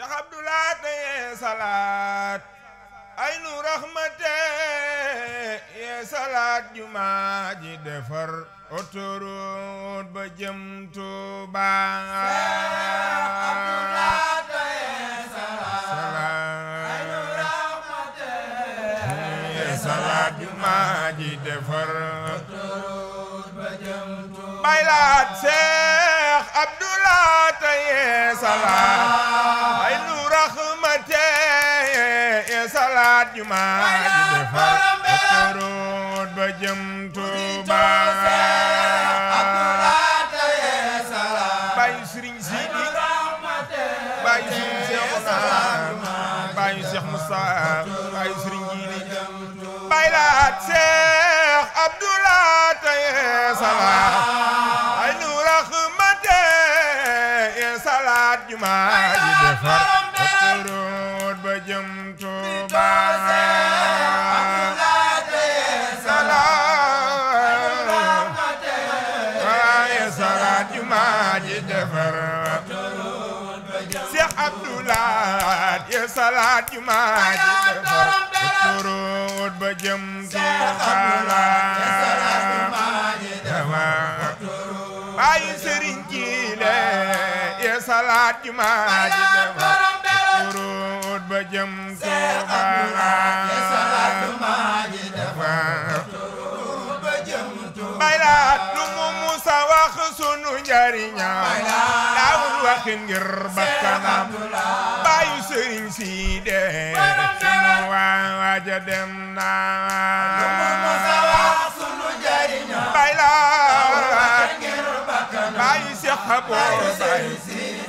Cheikh Abdoulaye teye salaat ay nu raxmate ye salaat jumaa ji defar autoroute ba jëm Tuuba salaat jumaa ji defar autoroute ba jëm Tuuba abdullah taye salaat ay nu raxmate ye salaat juma ji defar root ba jëm Tuuba abdullah taye salaat bay sëriñ Sidi bay sëriñ Seexuna bay Seex Musa bay sëriñ Jili bay laat Seex abdullah taye salaat safar waturut ba jëm Tuubaa salaat ya salaat yu maa ji defar turut ba jëm Tuuba la waaye sëriñ ji leen salaat juma ji defar kurut ba jëm Tuuba baylaat lu mu musa wax sunu njariña daawul wax ngir bakkanam baayu sëriñ si de sunu waaja dem naa baylaat baayu seex a boor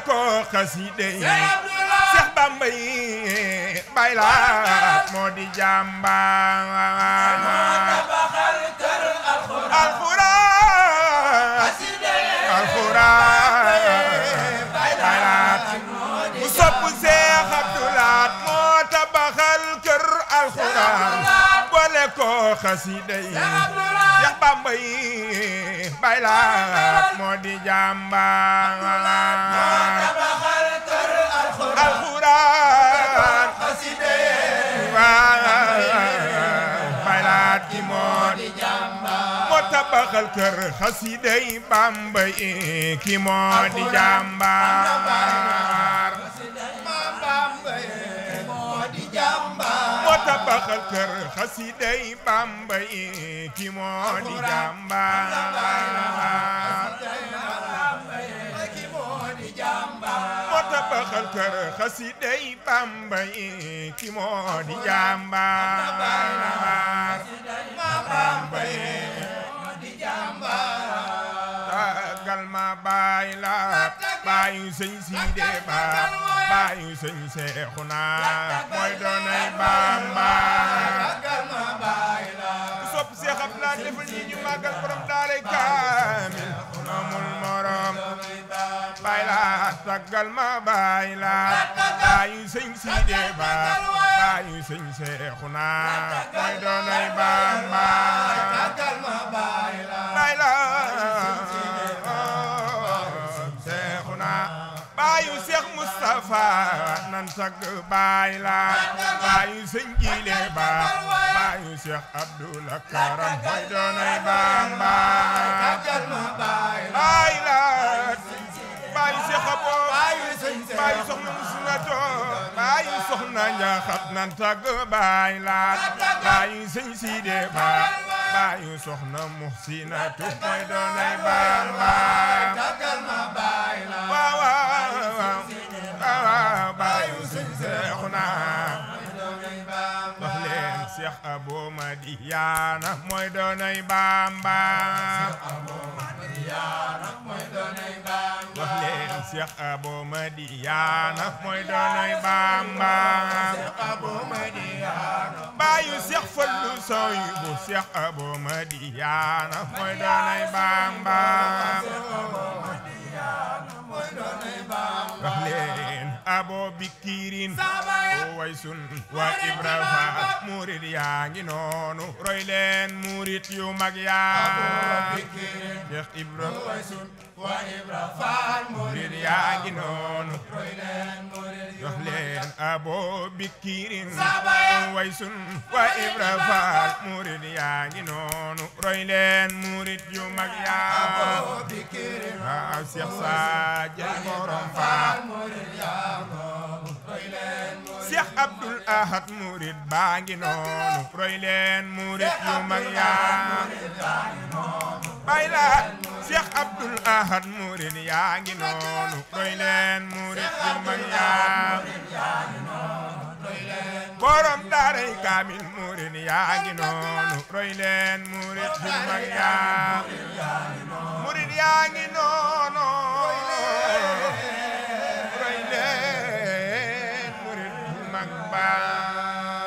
boole ko xaside yi Seex Bamba yi bayla moo di jàmbaar boole ko xasida yi Seex Bamba yi baylaat moo di jàmbaar alxuraan xasida yi baylaat ki moo di jàmbaar moo tabaxal kër xasida yi Bamba ki moo di jàmbaar baxal kër xasiday bamba yi xasiday bamba yi ki moo di baayu sëñ siide ba baayu sëñ seexuna mooy doonay bamba ku sopp seex abdulaay defal ñi ñu màggal borom daaray kaamil amul morom baay la taggal ma baay la baayu sëñ siide ba baayu sëñ seexuna mooy nan sag baay laat baayu sëñ jiile baa baayu Cheikh Abdoul Karam mooy doonay Bamba baay laat baayu Cheikh Abo baayu soxna Musulato baayu soxna Njaxat nan sag baay laat baayu sëñ Siide baa baayu soxna Muxsinatu mooy doonay Bamba Madiyana mooy doonay Bamba wax leen Cheikh Abo Madiyana mooy doonay Bamba baayu Cheikh Fallu soy bu Cheikh Abo Madiyana mooy doonay Bamba wax leen abo bikirin o waysun wa ibrahima murit yaa ngi noonu roy leen murit yu mag yaa Cheikh Ibrahima murit yaa ngi noonu jox leen abo bikirin o waysun wa ibrahima murit yaa ngi noonu roy leen murit yu mag yaa maam Cheikh Sadio borom faal Cheikh Abdoul Ahad murid baa ngi noonu roy leen murid yu mag yaa bay la Cheikh Abdoul Ahad murid yaa ngi noonu roy leen mag yaa borom daaray kaamil muurin yaa ngi noonu roy leen muurit yu mag yaa muurit yaa ngi noonu roy leen muurit yu mag baa